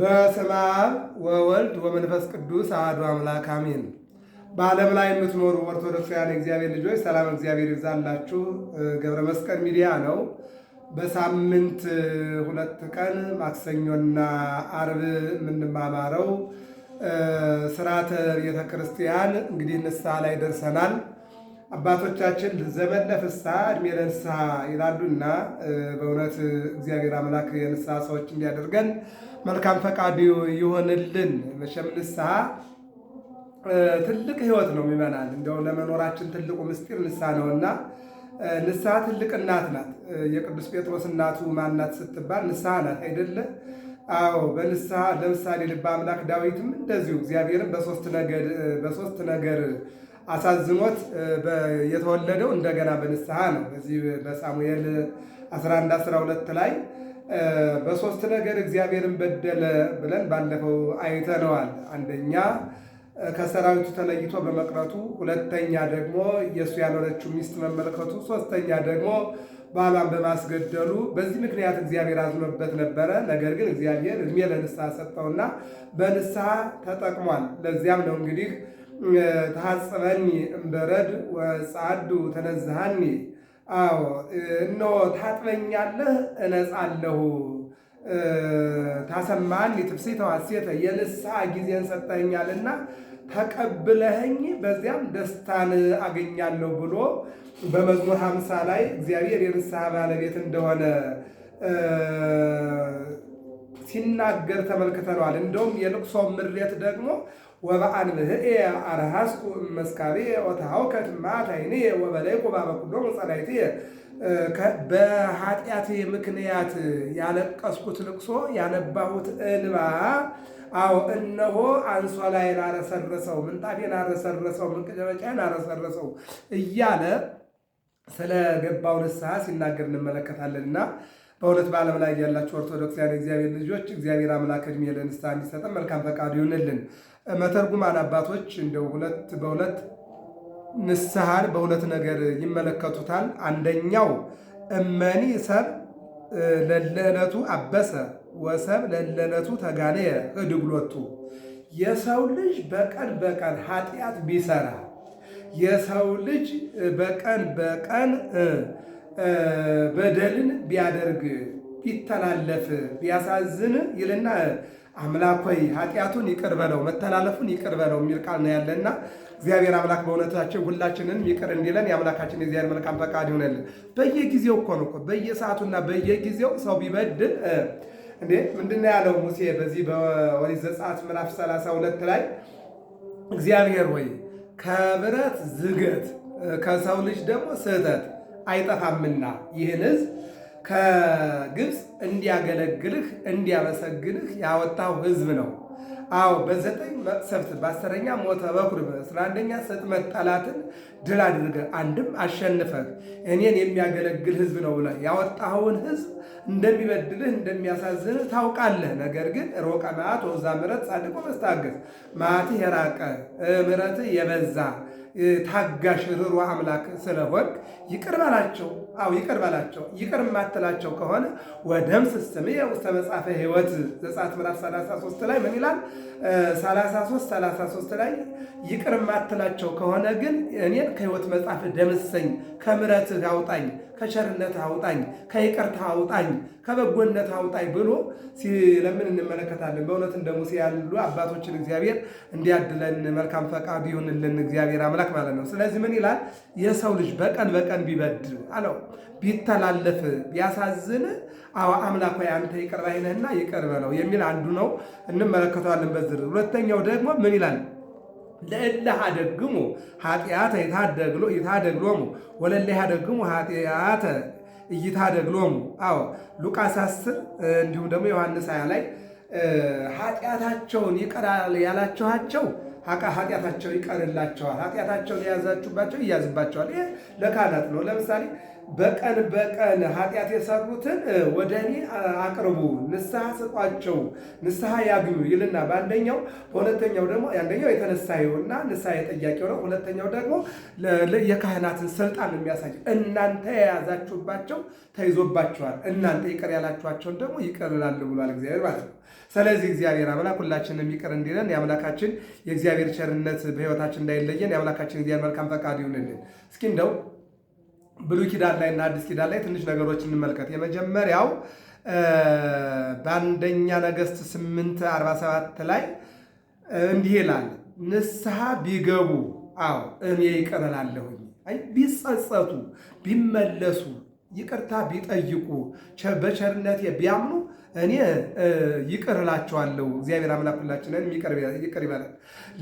በስመ አብ ወወልድ ወመንፈስ ቅዱስ አሐዱ አምላክ አሜን። በዓለም ላይ የምትኖሩ ኦርቶዶክሳውያን እግዚአብሔር ልጆች ሰላም እግዚአብሔር ይብዛላችሁ። ገብረ መስቀል ሚዲያ ነው። በሳምንት ሁለት ቀን ማክሰኞና አርብ የምንማማረው ስርዓተ ቤተ ክርስቲያን እንግዲህ ንስሐ ላይ ደርሰናል። አባቶቻችን ዘመን ለፍስሐ እድሜ ለንስሐ ይላሉና በእውነት እግዚአብሔር አምላክ የንስሐ ሰዎች እንዲያደርገን መልካም ፈቃዱ ይሆንልን። መቼም ንስሐ ትልቅ ህይወት ነው የሚመናል እንደው ለመኖራችን ትልቁ ምስጢር ንስሐ ነውና ንስሐ ትልቅ እናት ናት። የቅዱስ ጴጥሮስ እናቱ ማናት ስትባል ንስሐ ናት አይደለ? አዎ በንስሐ ለምሳሌ ልበ አምላክ ዳዊትም እንደዚሁ እግዚአብሔርም በሶስት ነገር አሳዝኖት የተወለደው እንደገና በንስሐ ነው። በዚህ በሳሙኤል 11 12 ላይ በሶስት ነገር እግዚአብሔርን በደለ ብለን ባለፈው አይተነዋል። አንደኛ ከሰራዊቱ ተለይቶ በመቅረቱ፣ ሁለተኛ ደግሞ የእሱ ያልሆነችው ሚስት መመልከቱ፣ ሶስተኛ ደግሞ ባሏን በማስገደሉ። በዚህ ምክንያት እግዚአብሔር አዝኖበት ነበረ። ነገር ግን እግዚአብሔር እድሜ ለንስሐ ሰጠውና በንስሐ ተጠቅሟል። ለዚያም ነው እንግዲህ ተሐጽበኒ እምበረድ ወጻዱ ተነዝሃኒ አዎ እነሆ ታጥበኛለህ እነጻለሁ ታሰማኒ ትፍሥሕተ ሐሤተ የንስሐ ጊዜን ተቀብለኸኝ በዚያም ደስታን አገኛለሁ ብሎ በመዝሙር ሃምሳ ላይ እግዚአብሔር የንስሐ ባለቤት እንደሆነ ሲናገር ተመልክተነዋል። እንደውም የልቅሶ ምሬት ደግሞ ወበአንብህየ አርሃስኩ እመስካብየ ወተሃውከ ትምክሕተ ዓይንየ ወበለይኩ ባበኩሎሙ ጸላእትየ። በኃጢአቴ ምክንያት ያለቀስኩት ልቅሶ ያነባሁት እንባ አዎ እነሆ አንሷ ላይ ላረሰረሰው ምንጣፌን አረሰረሰው፣ መቀመጫዬን አረሰረሰው እያለ ስለ ገባው ንስሐ ሲናገር እንመለከታለንና በእውነት በዓለም ላይ ያላችሁ ኦርቶዶክሳውያን እግዚአብሔር ልጆች እግዚአብሔር አምላክ ዕድሜ ለንስሐ እንዲሰጠን መልካም ፈቃዱ ይሁንልን። መተርጉማን አባቶች እንደው ሁለት በሁለት ንስሐን በሁለት ነገር ይመለከቱታል። አንደኛው እመኒ ሰብ ለለዕለቱ አበሰ ወሰብ ለለዕለቱ ተጋለየ እድብሎቱ የሰው ልጅ በቀን በቀን ኃጢአት ቢሰራ የሰው ልጅ በቀን በቀን በደልን ቢያደርግ ቢተላለፍ ቢያሳዝን ይልና አምላክ ሆይ ኃጢአቱን ይቅር በለው መተላለፉን ይቅር በለው የሚል ቃል ነው ያለና እግዚአብሔር አምላክ በእውነታችን ሁላችንን ይቅር እንዲለን የአምላካችን የእግዚአብሔር መልካም ፈቃድ ይሆነልን። በየጊዜው እኮ ነው በየሰዓቱና በየጊዜው ሰው ቢበድል እንዴ ምንድነው ያለው ሙሴ በዚህ በወሊ ዘጸአት ምዕራፍ 32 ላይ እግዚአብሔር ሆይ ከብረት ዝገት ከሰው ልጅ ደግሞ ስህተት አይጠፋምና ይህን ህዝብ ከግብፅ እንዲያገለግልህ እንዲያመሰግንህ ያወጣው ህዝብ ነው። አዎ በዘጠኝ መቅሰፍት በአስረኛ ሞተ በኩር በአስራ አንደኛ ስጥመት ጠላትን ድል አድርገ አንድም አሸንፈህ እኔን የሚያገለግል ህዝብ ነው ብለህ ያወጣኸውን ህዝብ እንደሚበድልህ እንደሚያሳዝንህ ታውቃለህ። ነገር ግን ሮቀ መዓት ወዛ ምረት ጻድቆ መስተጋገዝ መዓትህ የራቀ ምረትህ የበዛ ታጋሽ ርሩ አምላክ ስለሆንክ ይቅር ባላቸው። አዎ ይቅር ባላቸው። ይቅር የማትላቸው ከሆነ ወደምስስ ስምየ ውስተ መጽሐፈ ሕይወት ዘጸአት ምዕራፍ 33 ላይ ምን ይላል? 33 33 ላይ ይቅር የማትላቸው ከሆነ ግን እኔን ከሕይወት መጽሐፍ ደምሰኝ፣ ከምሕረትህ አውጣኝ ከቸርነት አውጣኝ፣ ከይቅርታ አውጣኝ፣ ከበጎነት አውጣኝ ብሎ ሲለምን እንመለከታለን። በእውነት እንደ ሙሴ ያሉ አባቶችን እግዚአብሔር እንዲያድለን መልካም ፈቃዱ ይሁንልን እግዚአብሔር አምላክ ማለት ነው። ስለዚህ ምን ይላል? የሰው ልጅ በቀን በቀን ቢበድል አለው ቢተላለፍ ቢያሳዝን አዎ አንተ ይቅር ባይ ነህና ይቅር በለው የሚል አንዱ ነው። እንመለከተዋለን በዝርዝር። ሁለተኛው ደግሞ ምን ይላል? ለእለ ሀደግሙ ኃጢአተ ይታደግሎሙ ወለለ ሀደግሙ ኃጢአተ እይታደግሎሙ። አዎ ሉቃስ 10 እንዲሁም ደግሞ ዮሐንስ 20 ላይ ኃጢአታቸውን ይቀራል ያላችኋቸው ሀቃ ኃጢአታቸው ይቀርላቸዋል፣ ኃጢአታቸውን የያዛችሁባቸው ይያዝባቸዋል። ይህ ለካህናት ነው። ለምሳሌ በቀን በቀን ኃጢአት የሰሩትን ወደ እኔ አቅርቡ፣ ንስሐ ስጧቸው፣ ንስሐ ያግኙ ይልና በአንደኛው በሁለተኛው ደግሞ አንደኛው የተነሳየው እና ንስሐ የጠያቂው ነው። ሁለተኛው ደግሞ የካህናትን ስልጣን የሚያሳይ እናንተ የያዛችሁባቸው ተይዞባቸዋል፣ እናንተ ይቅር ያላችኋቸውን ደግሞ ይቅር እላለሁ ብሏል እግዚአብሔር ማለት ነው። ስለዚህ እግዚአብሔር አምላክ ሁላችንም ይቅር እንዲለን የአምላካችን የእግዚአብሔር የእግዚአብሔር ቸርነት በህይወታችን እንዳይለየን የአምላካችን እግዚአብሔር መልካም ፈቃድ ይሁንልን። እስኪ እንደው ብሉይ ኪዳን ላይ እና አዲስ ኪዳን ላይ ትንሽ ነገሮች እንመልከት። የመጀመሪያው በአንደኛ ነገሥት 847 ላይ እንዲህ ይላል፣ ንስሐ ቢገቡ አዎ እኔ ይቀበላለሁኝ፣ ቢጸጸቱ ቢመለሱ ይቅርታ ቢጠይቁ በቸርነቴ ቢያምኑ እኔ ይቅር እላቸዋለሁ። እግዚአብሔር አምላክ ሁላችንን ይቅር ይበላል።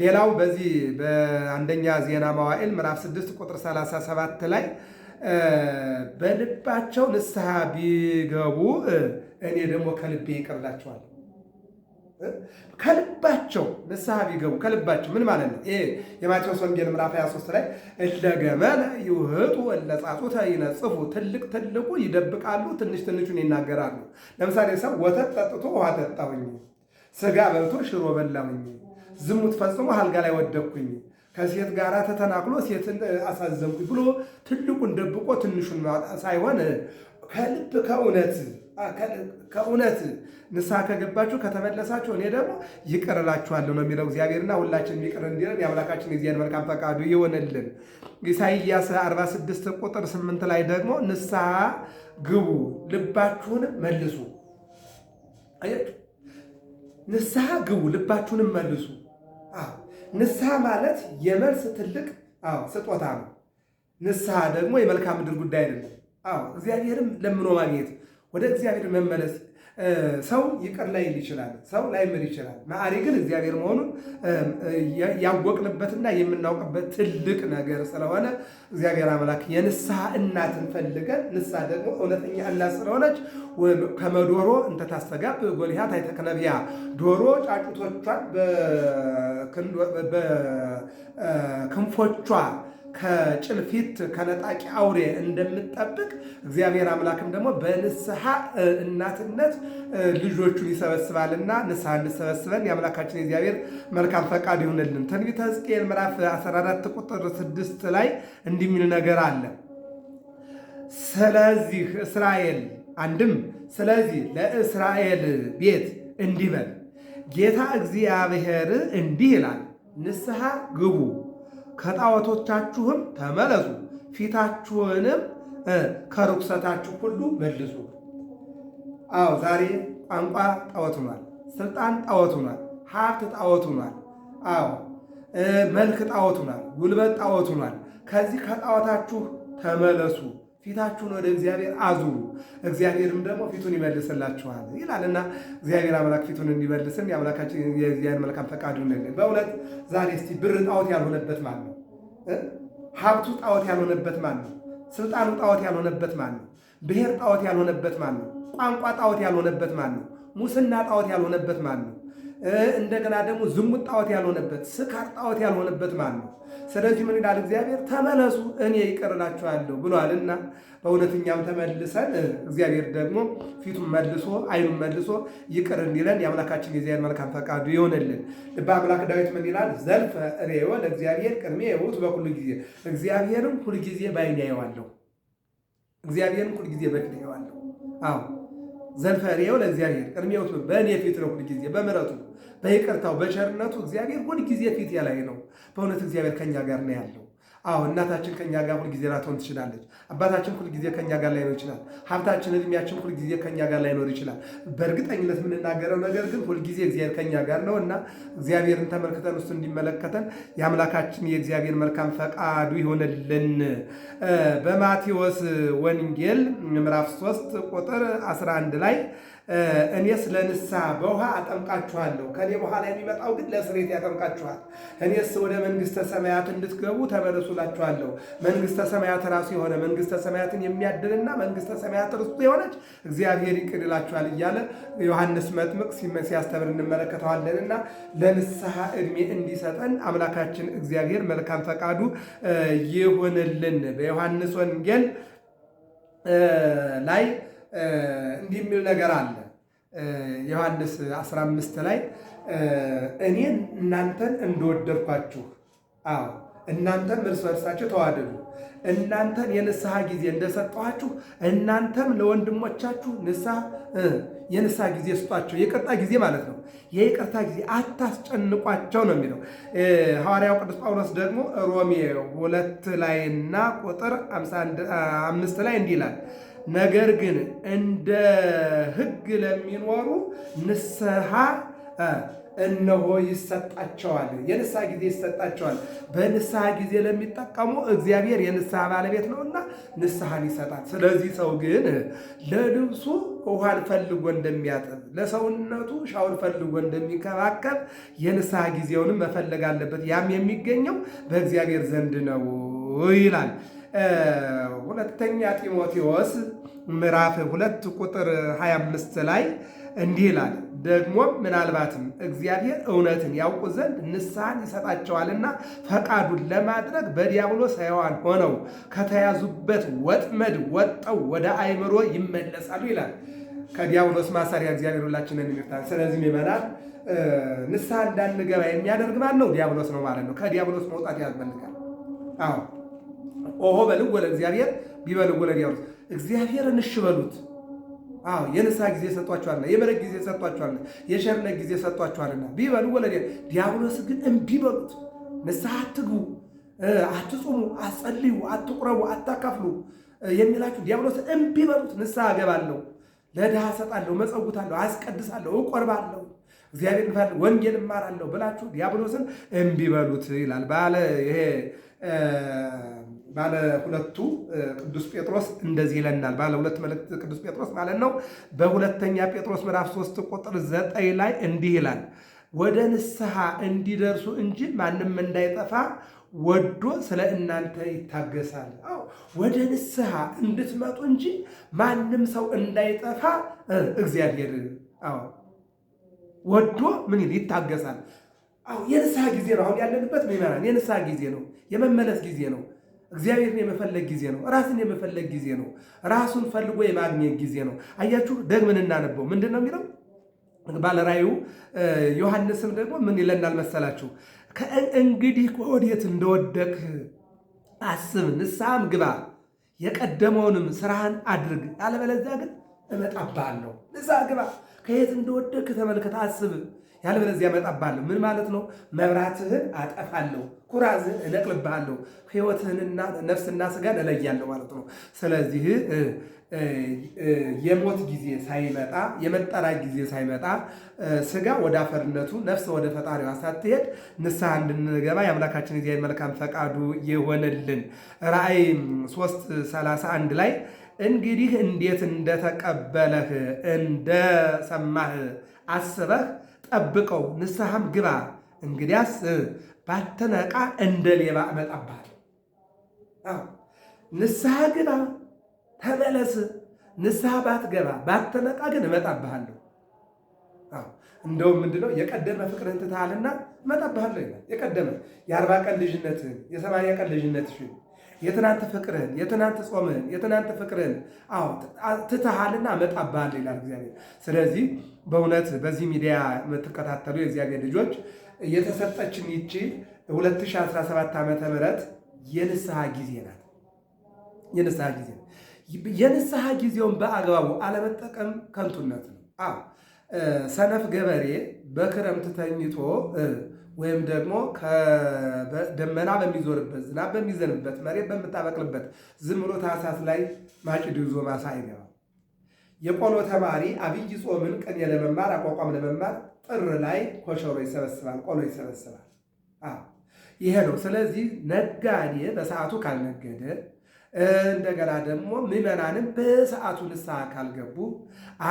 ሌላው በዚህ በአንደኛ ዜና መዋዕል ምዕራፍ 6 ቁጥር 37 ላይ በልባቸው ንስሐ ቢገቡ እኔ ደግሞ ከልቤ ይቅር እላቸዋለሁ። ከልባቸው ንስሐ ቢገቡ ከልባቸው ምን ማለት ነው? ይሄ የማቴዎስ ወንጌል ምዕራፍ 23 ላይ እለገመነ ይውህጡ እለጻጹተ ይነጽፉ፣ ትልቅ ትልቁ ይደብቃሉ፣ ትንሽ ትንሹን ይናገራሉ። ለምሳሌ ሰው ወተት ጠጥቶ ውሃ ጠጣሁኝ፣ ስጋ በልቶ ሽሮ በላሁኝ፣ ዝሙት ፈጽሞ አልጋ ላይ ወደኩኝ ከሴት ጋር ተተናክሎ ሴትን አሳዘንኩኝ ብሎ ትልቁን ደብቆ ትንሹን ሳይሆን ከልብ ከእውነት ከእውነት ንስሐ ከገባችሁ ከተመለሳችሁ እኔ ደግሞ ይቅር እላችኋለሁ ነው የሚለው እግዚአብሔርና ሁላችንም ይቅር እንዲለን የአምላካችን እግዚአብሔር መልካም ፈቃዱ ይሆንልን። ኢሳይያስ 46 ቁጥር 8 ላይ ደግሞ ንስሐ ግቡ ልባችሁን መልሱ። ንስሐ ግቡ ልባችሁንም መልሱ። ንስሐ ማለት የመልስ ትልቅ ስጦታ ነው። ንስሐ ደግሞ የመልካም ምድር ጉዳይ ነው። እግዚአብሔርም ለምኖ ማግኘት ወደ እግዚአብሔር መመለስ ሰው ይቅር ላይል ይችላል፣ ሰው ላይምር ይችላል። መሐሪ ግን እግዚአብሔር መሆኑን ያወቅንበትና የምናውቅበት ትልቅ ነገር ስለሆነ እግዚአብሔር አምላክ የንስሐ እናትን ፈልገን ንስሐ ደግሞ እውነተኛ እናት ስለሆነች ከመዶሮ እንተታስተጋብ ጎልያት አይተክነቢያ ዶሮ ጫጩቶቿን በክንፎቿ ከጭልፊት ከነጣቂ አውሬ እንደምጠብቅ እግዚአብሔር አምላክም ደግሞ በንስሐ እናትነት ልጆቹን ይሰበስባልና ንስሐ እንሰበስበን የአምላካችን የእግዚአብሔር መልካም ፈቃድ ይሁንልን። ትንቢተ ሕዝቅኤል ምዕራፍ 14 ቁጥር 6 ላይ እንዲህ የሚል ነገር አለ። ስለዚህ እስራኤል አንድም ስለዚህ ለእስራኤል ቤት እንዲህ በል ጌታ እግዚአብሔር እንዲህ ይላል፣ ንስሐ ግቡ ከጣዖቶቻችሁም ተመለሱ፣ ፊታችሁንም ከርኩሰታችሁ ሁሉ መልሱ። አዎ ዛሬ ቋንቋ ጣዖት ሆኗል። ስልጣን ጣዖት ሆኗል። ሀብት ጣዖት ሆኗል። አዎ መልክ ጣዖት ሆኗል። ጉልበት ጣዖት ሆኗል። ከዚህ ከጣዖታችሁ ተመለሱ፣ ፊታችሁን ወደ እግዚአብሔር አዙሩ፣ እግዚአብሔርም ደግሞ ፊቱን ይመልስላችኋል ይላልና እግዚአብሔር አምላክ ፊቱን እንዲመልስን የአምላካችን የእግዚአብሔር መልካም ፈቃዱ። ነገር በእውነት ዛሬ እስቲ ብር ጣዖት ያልሆነበት ማለት ነው ሀብቱ ጣዖት ያልሆነበት ማን ነው? ስልጣኑ ጣዖት ያልሆነበት ማን ነው? ብሔር ጣዖት ያልሆነበት ማን ነው? ቋንቋ ጣዖት ያልሆነበት ማን ነው? ሙስና ጣዖት ያልሆነበት ማን ነው? እንደገና ደግሞ ዝሙት ጣዖት ያልሆነበት፣ ስካር ጣዖት ያልሆነበት ማለት ነው። ስለዚህ ምን ይላል እግዚአብሔር? ተመለሱ እኔ ይቅር እላችኋለሁ ብሏልና በእውነትኛም ተመልሰን እግዚአብሔር ደግሞ ፊቱን መልሶ ዓይኑን መልሶ ይቅር እንዲለን የአምላካችን የእግዚአብሔር መልካም ፈቃዱ ይሆንልን። ልበ አምላክ ዳዊት ምን ይላል? ዘልፈ ርእዮ ለእግዚአብሔር ቅድሜ የውት በኩሉ ጊዜ እግዚአብሔርም ሁልጊዜ በዓይኔ አየዋለሁ። እግዚአብሔርም ሁልጊዜ በፊት አየዋለሁ። አዎ ዘንፈሬው ለእግዚአብሔር ቅድሜው በእኔ ፊት ነው። ሁልጊዜ በምረቱ በይቅርታው በቸርነቱ እግዚአብሔር ሁልጊዜ ፊት ላይ ነው። በእውነት እግዚአብሔር ከእኛ ጋር ነው ያለው። አዎ እናታችን ከኛ ጋር ሁልጊዜ ላትሆን ትችላለች። አባታችን ሁልጊዜ ከኛ ጋር ላይኖር ይችላል። ሀብታችን፣ እድሜያችን ሁልጊዜ ከኛ ጋር ላይኖር ይችላል። በእርግጠኝነት የምንናገረው ነገር ግን ሁልጊዜ እግዚአብሔር ከኛ ጋር ነው እና እግዚአብሔርን ተመልክተን እሱ እንዲመለከተን የአምላካችን የእግዚአብሔር መልካም ፈቃዱ ይሆንልን። በማቴዎስ ወንጌል ምዕራፍ 3 ቁጥር 11 ላይ እኔስ ለንስሐ በውሃ አጠምቃችኋለሁ፣ ከኔ በኋላ የሚመጣው ግን ለስሬት ያጠምቃችኋል። እኔስ ወደ መንግሥተ ሰማያት እንድትገቡ ተመለሱላችኋለሁ። መንግሥተ ሰማያት ራሱ የሆነ መንግሥተ ሰማያትን የሚያድልና መንግሥተ ሰማያት ርስቱ የሆነች እግዚአብሔር ይቅር ይላችኋል እያለ ዮሐንስ መጥምቅ ሲያስተምር እንመለከተዋለንና ለንስሐ እድሜ እንዲሰጠን አምላካችን እግዚአብሔር መልካም ፈቃዱ ይሁንልን። በዮሐንስ ወንጌል ላይ እንዲህ የሚል ነገር አለ። ዮሐንስ 15 ላይ እኔን እናንተን እንደወደድኳችሁ፣ አዎ እናንተም እርስ በርሳችሁ ተዋደዱ፣ እናንተን የንስሐ ጊዜ እንደሰጠኋችሁ እናንተም ለወንድሞቻችሁ ንስሐ የንስሐ ጊዜ ስጧቸው። የይቅርታ ጊዜ ማለት ነው። የይቅርታ ጊዜ አታስጨንቋቸው ነው የሚለው ሐዋርያው ቅዱስ ጳውሎስ ደግሞ ሮሜ ሁለት ላይና ቁጥር 55 ላይ እንዲህ ይላል ነገር ግን እንደ ሕግ ለሚኖሩ ንስሐ እነሆ ይሰጣቸዋል። የንስሐ ጊዜ ይሰጣቸዋል። በንስሐ ጊዜ ለሚጠቀሙ እግዚአብሔር የንስሐ ባለቤት ነውና ንስሐን ይሰጣል። ስለዚህ ሰው ግን ለልብሱ ውሃን ፈልጎ እንደሚያጥብ፣ ለሰውነቱ ሻውን ፈልጎ እንደሚከባከብ የንስሐ ጊዜውንም መፈለግ አለበት። ያም የሚገኘው በእግዚአብሔር ዘንድ ነው ይላል። ሁለተኛ ጢሞቴዎስ ምዕራፍ ሁለት ቁጥር 25 ላይ እንዲህ ይላል፣ ደግሞ ምናልባትም እግዚአብሔር እውነትን ያውቁ ዘንድ ንስሐን ይሰጣቸዋልና ፈቃዱን ለማድረግ በዲያብሎስ ሕያዋን ሆነው ከተያዙበት ወጥመድ ወጠው ወደ አይምሮ ይመለሳሉ ይላል። ከዲያብሎስ ማሰሪያ እግዚአብሔር ሁላችንን ይመታል። ስለዚህ ምዕመናን ንስሐ እንዳንገባ የሚያደርግ ማን ነው? ዲያብሎስ ነው ማለት ነው። ከዲያብሎስ መውጣት ያስፈልጋል። አዎ ኦሆ በልዎ ለእግዚአብሔር ቢበልዎ ለዲያብሎስ እግዚአብሔርን እሺ በሉት። አዎ የንስሐ ጊዜ ሰጧችኋልና የበረግ ጊዜ ሰጧችኋልና የሸርነት ጊዜ ሰጧችኋልና ቢበልዎ ለዲያብሎስ ዲያብሎስ ግን እምቢ በሉት። ንስሐ አትግቡ፣ አትጹሙ፣ አትጸልዩ፣ አትቁረቡ፣ አታካፍሉ የሚላችሁ ዲያብሎስ እምቢ በሉት። ንስሐ እገባለሁ፣ ለድሃ እሰጣለሁ፣ መጸውታለሁ፣ አስቀድሳለሁ፣ እቆርባለሁ እግዚአብሔር ልፋል ወንጌል እማራለሁ ብላችሁ ዲያብሎስን እምቢ በሉት ይላል ባለ ይሄ ባለ ሁለቱ ቅዱስ ጴጥሮስ እንደዚህ ይለናል። ባለ ሁለት መልእክት ቅዱስ ጴጥሮስ ማለት ነው። በሁለተኛ ጴጥሮስ ምዕራፍ 3 ቁጥር 9 ላይ እንዲህ ይላል፣ ወደ ንስሐ እንዲደርሱ እንጂ ማንም እንዳይጠፋ ወዶ ስለ እናንተ ይታገሳል። አዎ ወደ ንስሐ እንድትመጡ እንጂ ማንም ሰው እንዳይጠፋ እግዚአብሔር አዎ ወዶ ምን ይታገሳል። አዎ የንስሐ ጊዜ ነው። አሁን ያለንበት ምዕመናን የንስሐ ጊዜ ነው፣ የመመለስ ጊዜ ነው። እግዚአብሔርን የመፈለግ ጊዜ ነው። ራስን የመፈለግ ጊዜ ነው። ራሱን ፈልጎ የማግኘት ጊዜ ነው። አያችሁ፣ ደግመን እናነበው ምንድን ነው የሚለው ባለራዩ ዮሐንስም ደግሞ ምን ይለናል መሰላችሁ? ከእንግዲህ ከወዴት እንደወደቅ አስብ፣ ንስሐም ግባ፣ የቀደመውንም ስራህን አድርግ፣ ያለበለዚያ ግን እመጣብሃለሁ። ንስሐ ግባ፣ ከየት እንደወደቅ ተመልከት፣ አስብ ያለበለዚያ እመጣብሃለሁ። ምን ማለት ነው? መብራትህን አጠፋለሁ፣ ኩራዝህን እነቅልብሃለሁ፣ ህይወትህንና ነፍስና ስጋን እለያለሁ ማለት ነው። ስለዚህ የሞት ጊዜ ሳይመጣ የመጠራ ጊዜ ሳይመጣ ስጋ ወደ አፈርነቱ ነፍስ ወደ ፈጣሪዋ ሳትሄድ ንስሐ እንድንገባ የአምላካችን እግዚአብሔር መልካም ፈቃዱ የሆነልን። ራእይ 3 31 ላይ እንግዲህ እንዴት እንደተቀበለህ እንደሰማህ አስበህ ጠብቀው ንስሐም ግባ። እንግዲያስ ባተነቃ እንደ ሌባ እመጣብሃለሁ። ንስሐ ግባ፣ ተመለስ። ንስሐ ባትገባ ባተነቃ ግን እመጣብሃለሁ። እንደውም ምንድነው የቀደመ ፍቅርህን ትተሃልና እመጣብሃለሁ ይላል። የቀደመ የአርባ ቀን ልጅነትህን የሰማንያ ቀን ልጅነትሽን የትናንት ፍቅርን የትናንት ጾምን የትናንት ፍቅርን አዎ ትተሃልና መጣባል ይላል እግዚአብሔር። ስለዚህ በእውነት በዚህ ሚዲያ የምትከታተሉ የእግዚአብሔር ልጆች የተሰጠችን ይቺ 2017 ዓ ም የንስሐ ጊዜ ናት። የንስሐ ጊዜ የንስሐ ጊዜውን በአግባቡ አለመጠቀም ከንቱነት ነው። ሰነፍ ገበሬ በክረምት ተኝቶ ወይም ደግሞ ደመና በሚዞርበት ዝናብ በሚዘንበት መሬት በምታበቅልበት ዝም ብሎ ታህሳስ ላይ ማጭድ ይዞ ማሳ አይገባም። የቆሎ ተማሪ አብይ ጾምን ቅኔ ለመማር አቋቋም ለመማር ጥር ላይ ኮሸሮ ይሰበስባል፣ ቆሎ ይሰበስባል። ይሄ ነው። ስለዚህ ነጋዴ በሰዓቱ ካልነገደ እንደገና ደግሞ ምዕመናንም በሰዓቱ ንስሐ ካልገቡ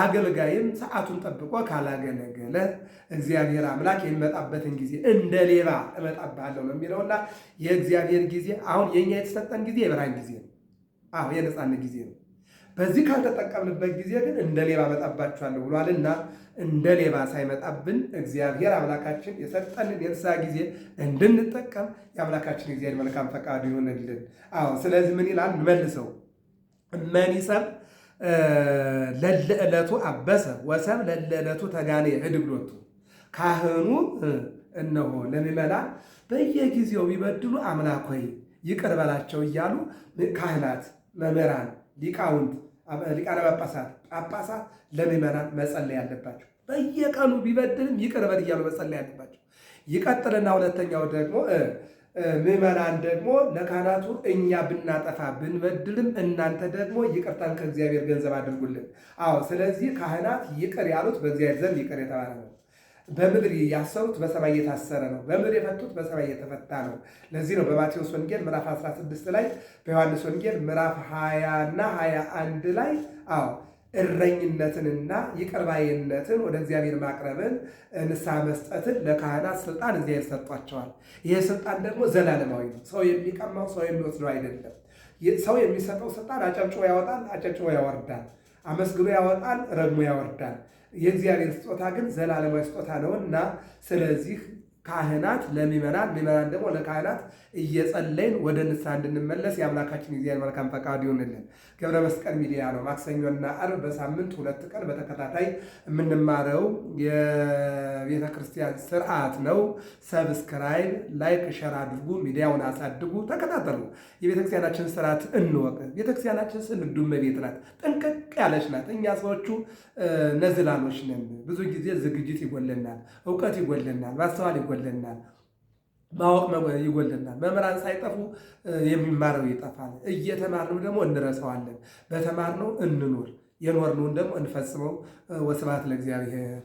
አገልጋይም ሰዓቱን ጠብቆ ካላገለገለ እግዚአብሔር አምላክ የሚመጣበትን ጊዜ እንደ ሌባ እመጣብሃለሁ ነው የሚለውና የእግዚአብሔር ጊዜ አሁን የኛ የተሰጠን ጊዜ የብርሃን ጊዜ ነው። አዎ የነፃነት ጊዜ ነው። በዚህ ካልተጠቀምንበት ጊዜ ግን እንደ ሌባ መጣባችኋለሁ ብሏልና እንደ ሌባ ሳይመጣብን እግዚአብሔር አምላካችን የሰጠንን የንስሐ ጊዜ እንድንጠቀም የአምላካችን እግዚአብሔር መልካም ፈቃዱ ይሆንልን። አዎ፣ ስለዚህ ምን ይላል መልሰው መን ለለእለቱ ለለዕለቱ አበሰ ወሰብ ለለዕለቱ ተጋኔ እድብሎቱ ካህኑ እነሆ ለሚመላ በየጊዜው ቢበድሉ አምላክ ሆይ ይቅር በላቸው እያሉ ካህናት፣ መምህራን፣ ሊቃውንት ሊቃነ ጳጳሳት ጳጳሳት ለምዕመናን መጸለይ ያለባቸው በየቀኑ ቢበድልም ይቅር በል እያሉ መጸለይ ያለባቸው። ይቀጥልና ሁለተኛው ደግሞ ምዕመናን ደግሞ ለካህናቱ እኛ ብናጠፋ ብንበድልም እናንተ ደግሞ ይቅርታን ከእግዚአብሔር ገንዘብ አድርጉልን። አዎ፣ ስለዚህ ካህናት ይቅር ያሉት በእግዚአብሔር ዘንድ ይቅር የተባለ ነው። በምድር ያሰሩት በሰማይ እየታሰረ ነው፣ በምድር የፈቱት በሰማይ እየተፈታ ነው። ለዚህ ነው በማቴዎስ ወንጌል ምዕራፍ 16 ላይ በዮሐንስ ወንጌል ምዕራፍ 20 እና 21 ላይ አዎ እረኝነትንና ይቅርባይነትን ወደ እግዚአብሔር ማቅረብን ንስሐ መስጠትን ለካህናት ስልጣን እግዚአብሔር ሰጧቸዋል። ይህ ስልጣን ደግሞ ዘላለማዊ ነው። ሰው የሚቀማው ሰው የሚወስደው አይደለም። ሰው የሚሰጠው ስልጣን አጨብጭቦ ያወጣል፣ አጨብጭቦ ያወርዳል። አመስግኖ ያወጣል፣ ረግሞ ያወርዳል። የእግዚአብሔር ስጦታ ግን ዘላለማዊ ስጦታ ነው እና ስለዚህ ካህናት ለሚመናን ሚመናን ደግሞ ለካህናት እየጸለይን ወደ ንስሐ እንድንመለስ የአምላካችን እግዚአብሔር መልካም ፈቃድ ይሆንልን። ገብረ መስቀል ሚዲያ ነው። ማክሰኞና አርብ በሳምንት ሁለት ቀን በተከታታይ የምንማረው የቤተ ክርስቲያን ስርዓት ነው። ሰብስክራይብ፣ ላይክ፣ ሸር አድርጉ፣ ሚዲያውን አሳድጉ፣ ተከታተሉ። የቤተክርስቲያናችን ስርዓት እንወቅ። ቤተክርስቲያናችን ስንዱ እመቤት ናት፣ ጥንቅቅ ያለች ናት። እኛ ሰዎቹ ነዝላኖች ነን። ብዙ ጊዜ ዝግጅት ይጎለናል፣ እውቀት ይጎለናል፣ ማስተዋል ይጎለናል። ማወቅ ይጎለናል። መምህራን ሳይጠፉ የሚማረው ይጠፋል። እየተማርነው ደግሞ እንረሳዋለን። በተማርነው እንኑር፣ የኖርነውን ደግሞ እንፈጽመው። ወስብሐት ለእግዚአብሔር።